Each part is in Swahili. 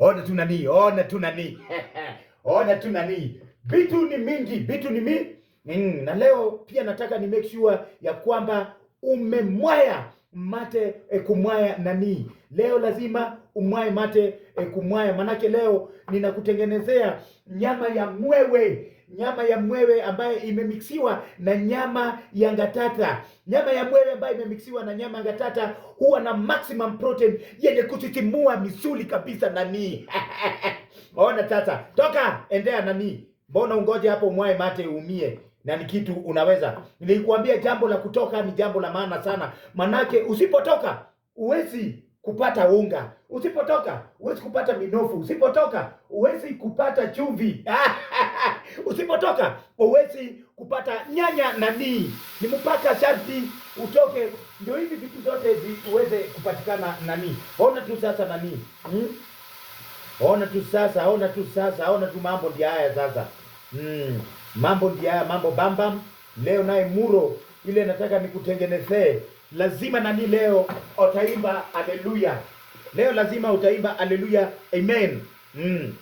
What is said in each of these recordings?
Ona tu nani, ona tu nani. Ona tu nani. Vitu ni mingi, vitu ni mingi. Mm, na leo pia nataka ni make sure ya kwamba umemwaya mate e, kumwaya nani. Leo lazima umwaye mate e, kumwaya manake leo ninakutengenezea nyama ya mwewe nyama ya mwewe ambayo imemiksiwa na nyama ya ngatata. Nyama ya mwewe ambayo imemiksiwa na nyama ya ngatata huwa na maximum protein yenye kusisimua misuli kabisa nani. Ona tata toka endea nani, mbona ungoje hapo mwae mate uumie? na ni kitu unaweza nilikuambia, jambo la kutoka ni jambo la maana sana, manake usipotoka uwezi kupata unga. Usipotoka huwezi kupata minofu. Usipotoka huwezi kupata chumvi. Usipotoka huwezi kupata nyanya na nii. Ni mpaka sharti utoke, ndio hivi vitu zote ziweze kupatikana nanii. Ona tu sasa nanii, hmm? Ona tu sasa, ona tu sasa, ona tu mambo ndio haya sasa. hmm. mambo ndio haya, mambo bambam. Leo naye muro ile nataka nikutengenezee lazima nani leo utaimba haleluya. Leo lazima utaimba haleluya, amen. Mm.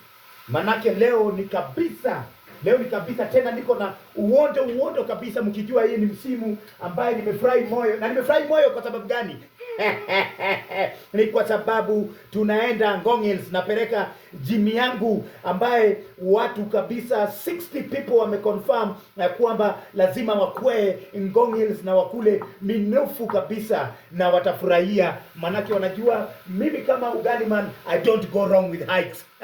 Manake leo ni kabisa, leo ni kabisa tena, niko na uondo uondo kabisa, mkijua hii ni msimu ambaye nimefurahi moyo, na nimefurahi moyo kwa sababu gani? ni kwa sababu tunaenda Ngong Hills, napeleka jimi yangu ambaye watu kabisa 60 people wameconfirm ya kwamba lazima wakwee Ngong Hills na wakule minofu kabisa, na watafurahia, manake wanajua mimi kama ugali man, I don't go wrong with hikes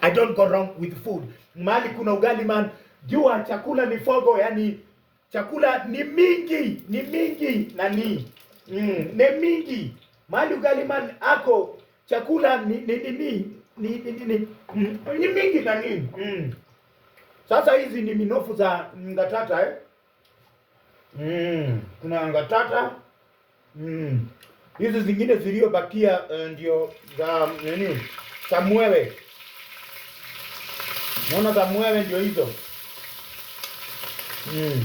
I don't go wrong with food. Mahali kuna ugali man, jua chakula ni fogo, yani chakula ni mingi, ni mingi nani, mm, ni mingi mahali ugaliman ako chakula ni ni ni ni ni, mm, ni mingi nani, mm. Sasa hizi ni minofu za ngatata eh? Mm, kuna ngatata mm. Hizi zingine ziliyobakia uh, eh, ndio za nini za mwewe. Naona za mwewe ndio hizo mm.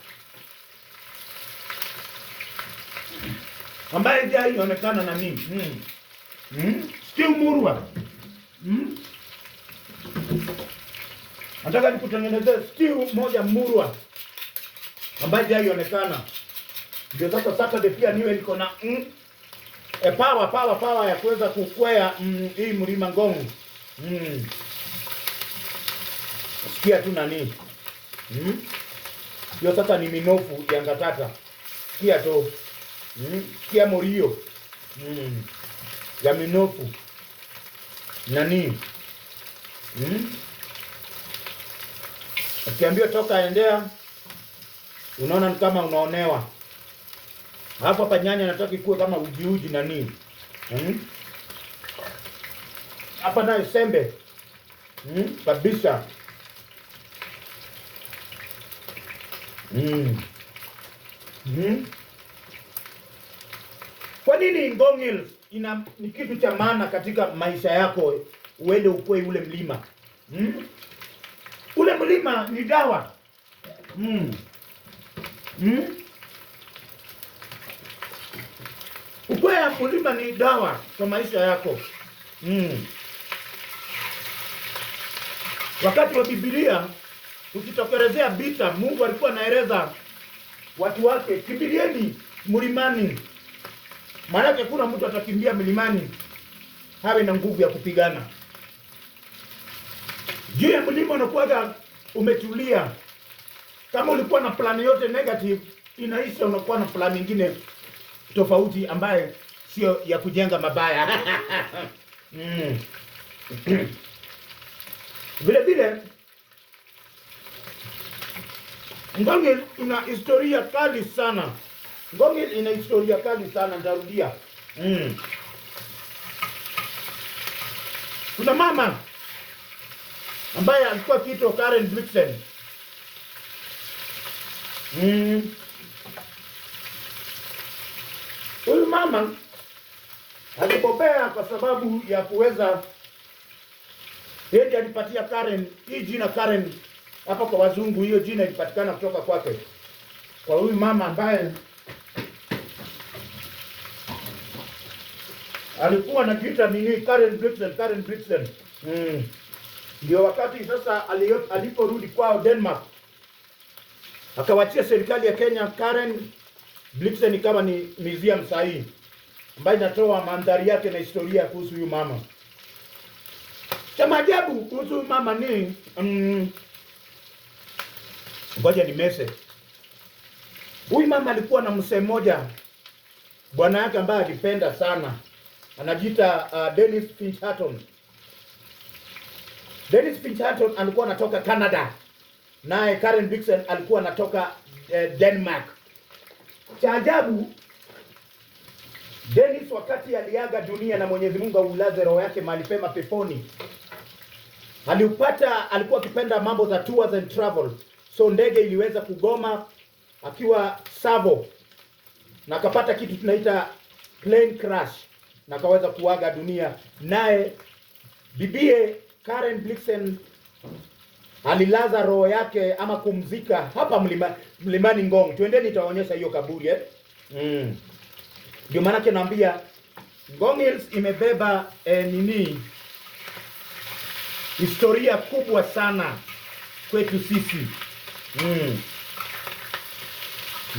ambaye hajaionekana na mimi mm. mm? Steve murwa mm? Nataka nikutengenezee Steve moja murwa ambaye hajaionekana, ndio sasa Saturday pia niwe niko na mm, e power power power ya kuweza kukwea mm, hii mlima Ngong'o mm. Sikia tu nani hiyo mm? Sasa ni minofu ya Ngatata, sikia tu mm, kia morio mm, ya minofu nani mm, ukiambiwa toka endea, unaona ni kama unaonewa. Hapo hapa nyanya nataka ikuwe kama ujiuji nani mm, hapa nayo sembe mm, kabisa mm. Mm. Kwa nini Ngongil ina ni kitu cha maana katika maisha yako, uende upoe ule mlima hmm? Ule mlima ni dawa hmm. Hmm? Ukwea mlima ni dawa kwa maisha yako hmm. Wakati wa Biblia ukitokelezea vita, Mungu alikuwa anaeleza watu wake, kimbilieni mlimani Maanake kuna mtu atakimbia milimani hawe na nguvu ya kupigana. Juu ya mlima unakuwaga umetulia. Kama ulikuwa na plani yote negative, inaisha unakuwa na plani nyingine tofauti ambaye sio ya kujenga mabaya. mm. Vile vile Ngong ina historia kali sana. Ngong ina historia kali sana, nitarudia. Mm. Kuna mama ambaye alikuwa kiitwa Karen Blixen. Mm. Huyu mama alipopea kwa sababu ya kuweza yeye alipatia Karen hii jina Karen hapa kwa wazungu, hiyo jina ilipatikana kutoka kwake, kwa huyu mama ambaye alikuwa anajiita nini, Karen Blixen, Karen Blixen. Mm. Ndio wakati sasa aliporudi kwao Denmark akawachia serikali ya Kenya Karen Blixen kama ni museum sahihi ambayo inatoa mandhari yake na historia kuhusu huyu mama. Cha maajabu kuhusu mama ni mm, ngoja, mm, ni mese huyu mama alikuwa na msee mmoja bwana yake ambaye alipenda sana anajiita uh, Dennis Finch Hatton. Dennis Finch Hatton alikuwa anatoka Canada, naye Karen Dixon alikuwa anatoka uh, Denmark. Cha ajabu Dennis wakati aliaga dunia na Mwenyezi Mungu aulaze roho yake mahali pema peponi, aliupata alikuwa akipenda mambo za tours and travel, so ndege iliweza kugoma akiwa Savo na akapata kitu tunaita plane crash na akaweza kuaga dunia. Naye bibie Karen Blixen alilaza roho yake ama kumzika hapa mlima, mlimani Ngong. Twendeni nitaonyesha hiyo kaburi eh. Mm. Ndio maana yake naambia Ngong Hills imebeba eh, nini historia kubwa sana kwetu sisi. Mm.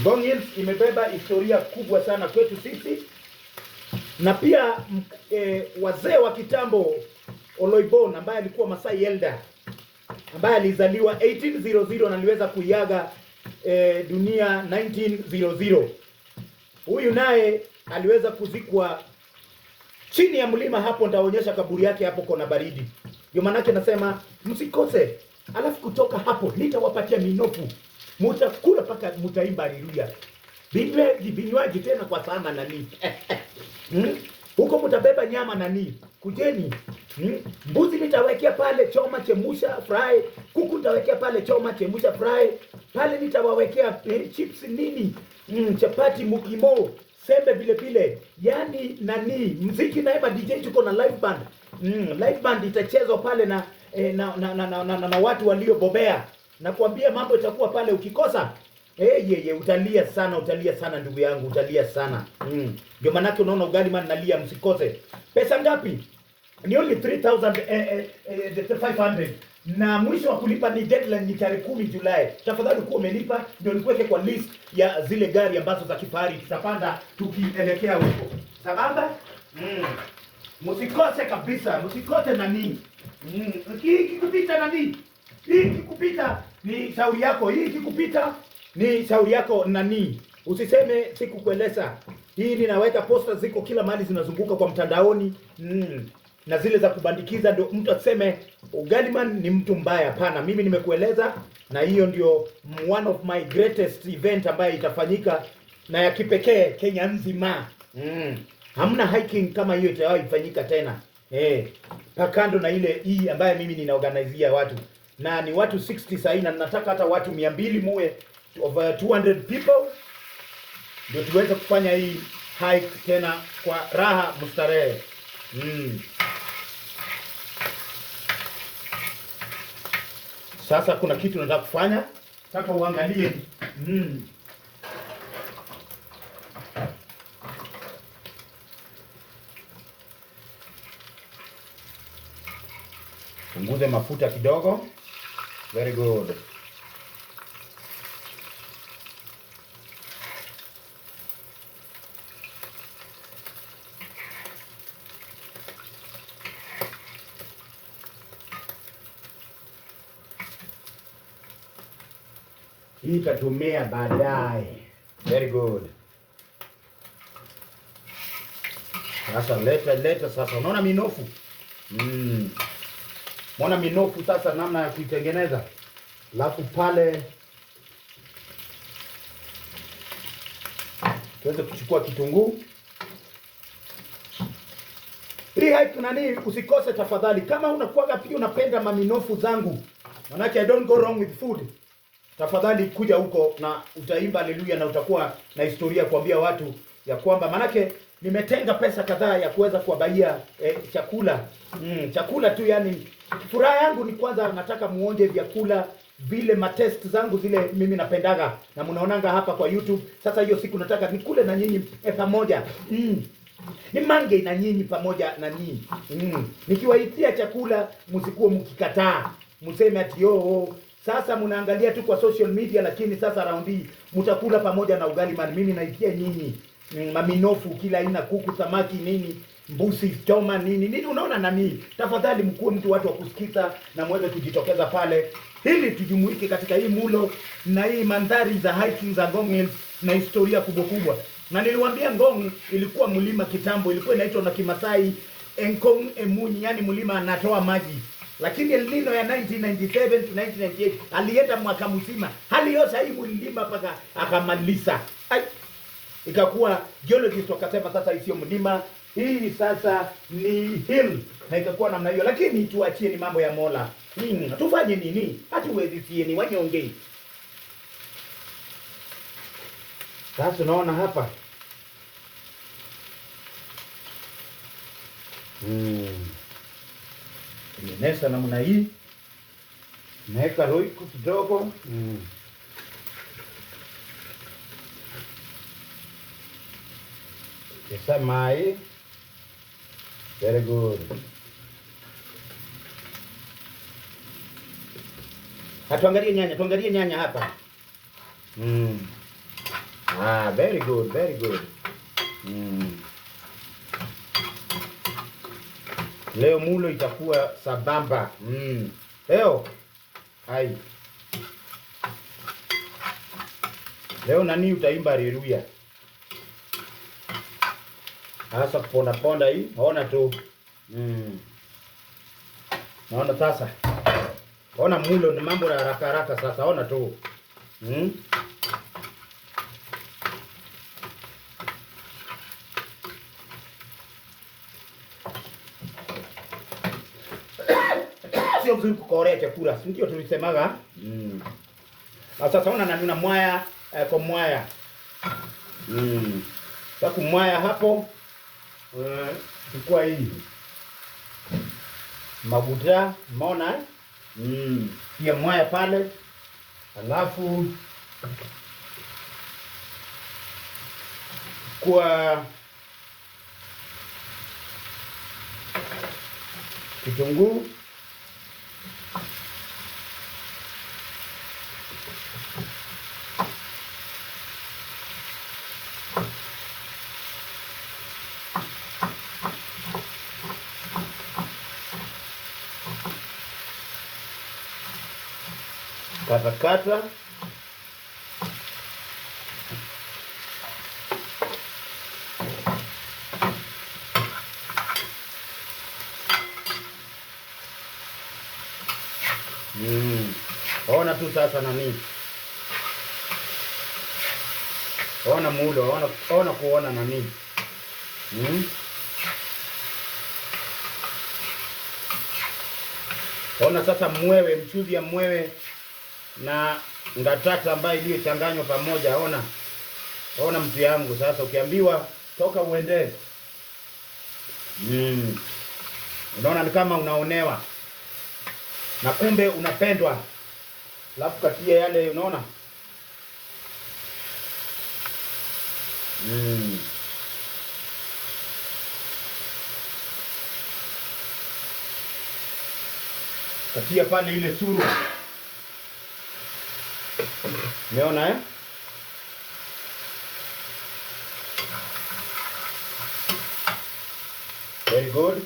Ngong Hills imebeba historia kubwa sana kwetu sisi na pia e, wazee wa kitambo Oloibon ambaye alikuwa Masai elder ambaye alizaliwa 1800 na aliweza kuiaga e, dunia 1900. Huyu naye aliweza kuzikwa chini ya mlima hapo, nitaonyesha kaburi yake hapo, kona baridi. Ndio maanake nasema msikose, alafu kutoka hapo nitawapatia minofu, mutakula mpaka mutaimba haleluya, vinywaji tena kwa sana nani Hmm? huko hmm? Mtabeba nyama na nini, kujeni hmm? Mbuzi nitawekea pale choma, chemusha, fry. Kuku nitawekea pale choma, chemusha, fry. Pale nitawawekea eh, chips nini, hmm, chapati, mukimo, sembe vile vile, yani nani, mziki naema DJ tuko na live band hmm, live band itachezwa pale na, eh, na, na, na, na, na, na watu waliobobea. Nakwambia mambo itakuwa pale, ukikosa Hey, eh, yeye utalia sana, utalia sana ndugu yangu, utalia sana mm. Ndio maanake unaona ugali man nalia, msikose. Pesa ngapi? Ni only 3000 eh, eh, eh, 500 na mwisho wa kulipa ni deadline ni tarehe kumi Julai. Tafadhali kuwa umelipa ndio nikuweke kwa list ya zile gari ambazo za kifahari tutapanda tukielekea huko, sababu mm. Msikose kabisa, msikose nani mm. Ikikupita nani, hii ikikupita ni shauri yako, hii ikikupita ni shauri yako nani? Usiseme sikukueleza. Hii ninaweka posta ziko kila mahali zinazunguka kwa mtandaoni. Mm. Na zile za kubandikiza ndio mtu aseme Ugaliman ni mtu mbaya. Hapana, mimi nimekueleza na hiyo ndio one of my greatest event ambayo itafanyika na ya kipekee Kenya nzima. Mm. Hamna hiking kama hiyo itawahi fanyika tena. Eh. Pakando na ile hii e ambayo mimi ninaorganizia watu. Na ni watu 60 sasa na nataka hata watu 200 muwe over uh, 200 people ndio tuweze kufanya hii hike tena kwa raha mustarehe Mm. Sasa kuna kitu nataka kufanya, nataka uangalie. Mm. Punguze mafuta kidogo. Very good. hii itatumia baadaye. Very good. Sasa leta leta sasa, unaona minofu mm. Unaona minofu sasa, namna ya kuitengeneza, alafu pale tuweze kuchukua kitunguu hii nani, usikose tafadhali, kama unakuwaga pia unapenda maminofu zangu, manake I don't go wrong with food tafadhali kuja huko na utaimba haleluya, na utakuwa na historia kuambia watu ya kwamba manake nimetenga pesa kadhaa ya kuweza kuwabaia eh, chakula mm, chakula tu. Yani furaha yangu ni kwanza, nataka muonje vyakula vile matest zangu zile mimi napendaga na mnaonanga hapa kwa YouTube. Sasa hiyo siku nataka nikule na nyinyi eh, pamoja mm. Ni mange na nyinyi pamoja na nyinyi mm. Nikiwaitia chakula msikuwe mkikataa, mseme ati oo sasa mnaangalia tu kwa social media, lakini sasa round hii mtakula pamoja na ugali man. Mimi naikia nyinyi mm, maminofu, kila aina, kuku, samaki, nini, mbusi, choma, nini nini, unaona nani. Tafadhali mkuu mtu watu wa kusikiza na muweze kujitokeza pale, ili tujumuike katika hii mulo na hii mandhari za hiking za Ngong Hills na historia kubwa kubwa. Na niliwaambia Ngong ilikuwa mlima kitambo, ilikuwa inaitwa na Kimasai Enkong Emunyi, yani mlima anatoa maji lakini El Nino ya 1997 to 1998 alienda mwaka mzima, hali yote hii mlima paka akamaliza. Ai, ikakuwa geologist wakasema sasa sio mlima hii sasa ni hill, na ikakuwa namna hiyo. Lakini tuachie, ni mambo ya Mola. Hmm, tufanye nini? Hati uwezisieni wanyonge. Sasa unaona hapa hmm. Nimesa namna hii, naweka roiko kidogo mm. Esa mai very good. Hatuangalie nyanya, tuangalie nyanya hapa mm. Ah, very good, very good mm. Leo mulo itakuwa sambamba Mm. Leo hai leo nani utaimba haleluya. Hasa kuponda ponda hii, ona tu. Mm. Naona sasa, ona mulo ni mambo ya haraka haraka sasa, ona tu mm. sio mzuri kukorea chakula, si ndio tulisemaga? Mm. Sasa ona na mwaya eh, kwa mwaya. Mm. Sasa kumwaya hapo eh, chukua hii maguta mona mm. pia mwaya pale, alafu kwa kitunguu Κατακάτα. Mm. Ona tu sasa waona muda, ona, waona kuona nani hmm? Ona sasa mwewe, mchuzi ya mwewe na ngatata ambayo iliyochanganywa pamoja. Ona, ona mtu yangu, sasa ukiambiwa toka uende hmm. Unaona ni kama unaonewa na kumbe unapendwa, alafu katia yale, unaona Mm. Katia pale ile suru Umeona eh? Very good.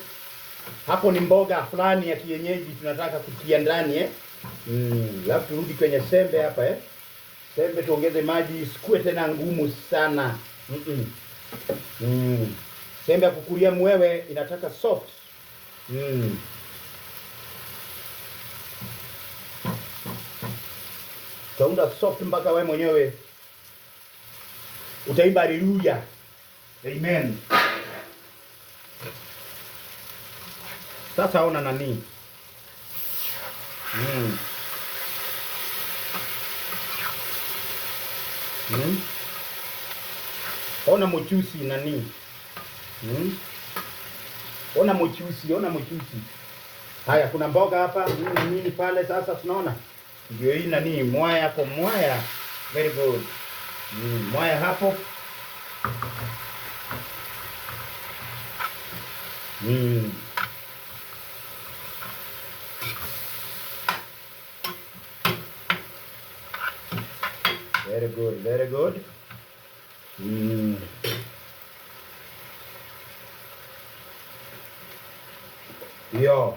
Hapo ni mboga fulani ya kienyeji tunataka kutia ndani eh? Mm, lafu turudi kwenye sembe hapa eh? Sembe tuongeze maji, sikue tena ngumu sana mm -mm. mm. Sembe ya kukulia mwewe inataka soft mm. Taunda soft mpaka wewe mwenyewe utaimba haleluya, amen. Sasa ona nani mm. Mm ona muchusi nani hmm? ona muchusi ona muchusi. Haya, kuna mboga hapa nini nini pale. Sasa tunaona ndio hii nani mwaya kwa mwaya, very good hmm, mwaya hapo hmm. Very good, very good. Mm. Yo.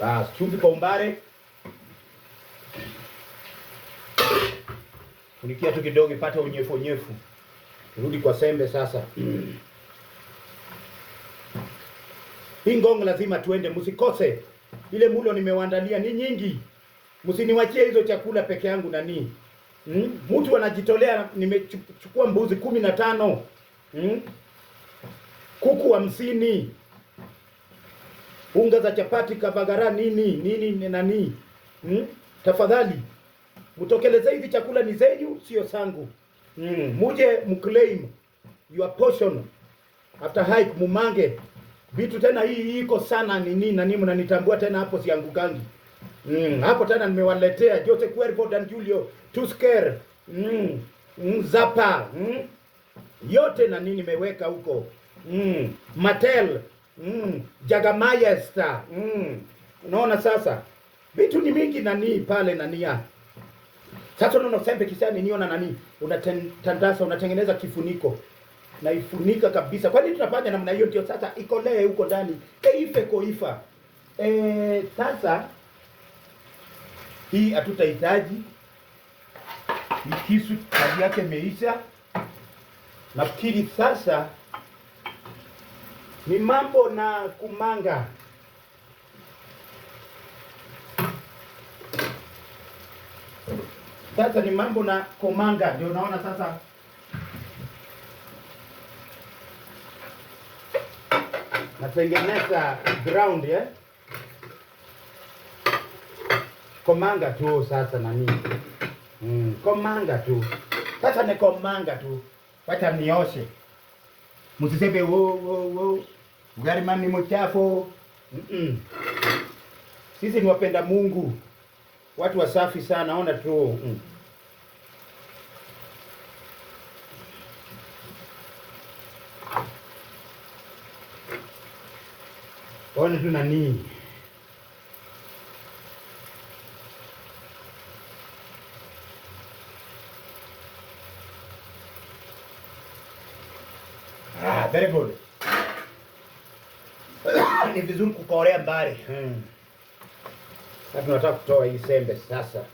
Basi chumvi kwa umbali. Funikia tu kidogo ipate unyefu unyefu. Rudi kwa sembe sasa. Hii ngongo lazima tuende, msikose. Ile mulo nimewaandalia ni nyingi msiniwachie hizo chakula peke yangu nani. Mm? Mtu anajitolea, nimechukua mbuzi kumi na tano mm? kuku hamsini, unga za chapati, kavagara nini nini nani mm? Tafadhali mtokeleze hivi, chakula ni zenyu, sio sangu mm. Muje mclaim your portion after hike, mumange vitu tena. Hii iko sana nini nani, mnanitambua tena hapo, siangukangi. Mm, hapo tena nimewaletea Jose Cuervo dan Julio Tusker mm, Mzapa mm, yote na nini nimeweka huko mm, Matel mm, Jagamayesta mm. Unaona sasa vitu ni mingi nani pale nania sasa unaona sempe kisani niona nani unatandasa unatengeneza kifuniko naifunika kabisa. Kwa nini tunafanya namna hiyo? Ndio sasa ikolee huko ndani eife koifa e, sasa hii hatutahitaji. Ni kisu, kazi yake imeisha. Nafikiri sasa ni mambo na kumanga. Sasa ni mambo na komanga, ndio unaona sasa natengeneza ground eh? komanga tu sasa nani mm, komanga tu sasa ni komanga tu, wacha nioshe. msisebe wo wo wo ugari mani mchafu mm -mm. Sisi ni wapenda Mungu, watu wasafi sana, ona tu mm. Ona tu nanii very good. Ni vizuri kukorea mbali. Hmm. Tunataka kutoa hii sembe sasa.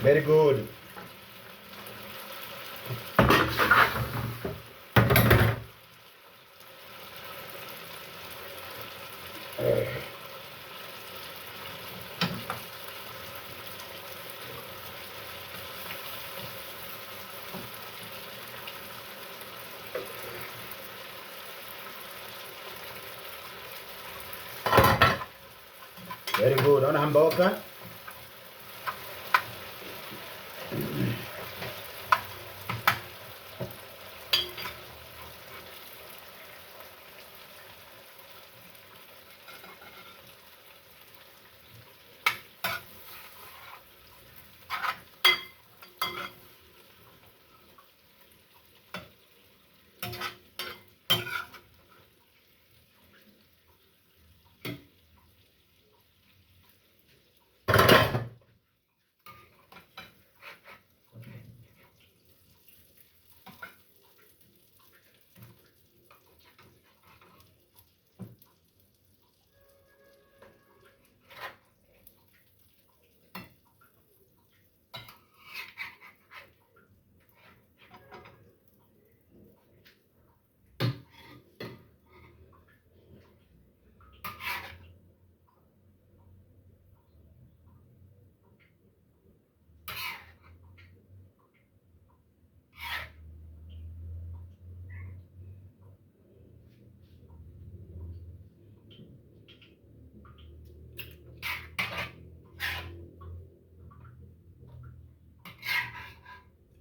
very good Very good. On a hamburger.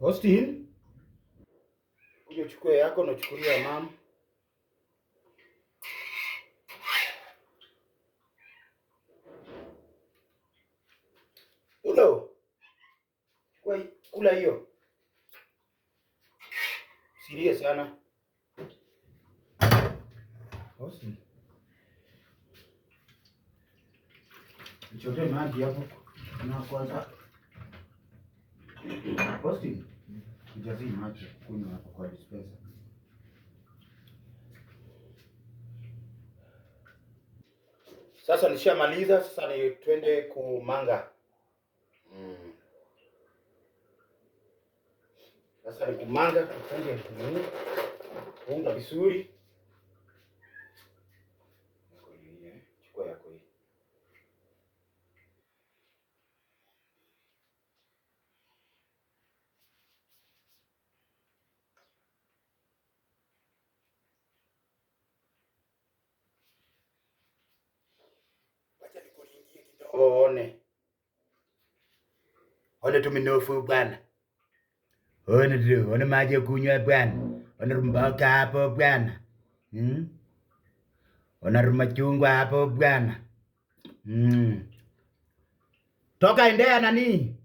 Austin, kuja uchukue yako na uchukulia mama. Ulo. Kwa kula hiyo. Sirie sana. Austin. Nichote maji hapo na kwanza Austin, ujazii maji ya hapo kwa dispensa. Sasa nishamaliza, sasa ni twende kumanga. Mm. Sasa ni kumanga, twende mm. unga vizuri. Watu tuminofu bwana, ona maji ya kunywa bwana, onarumbauta hapo bwana, mm? chungwa hapo bwana, mm. Toka endea nani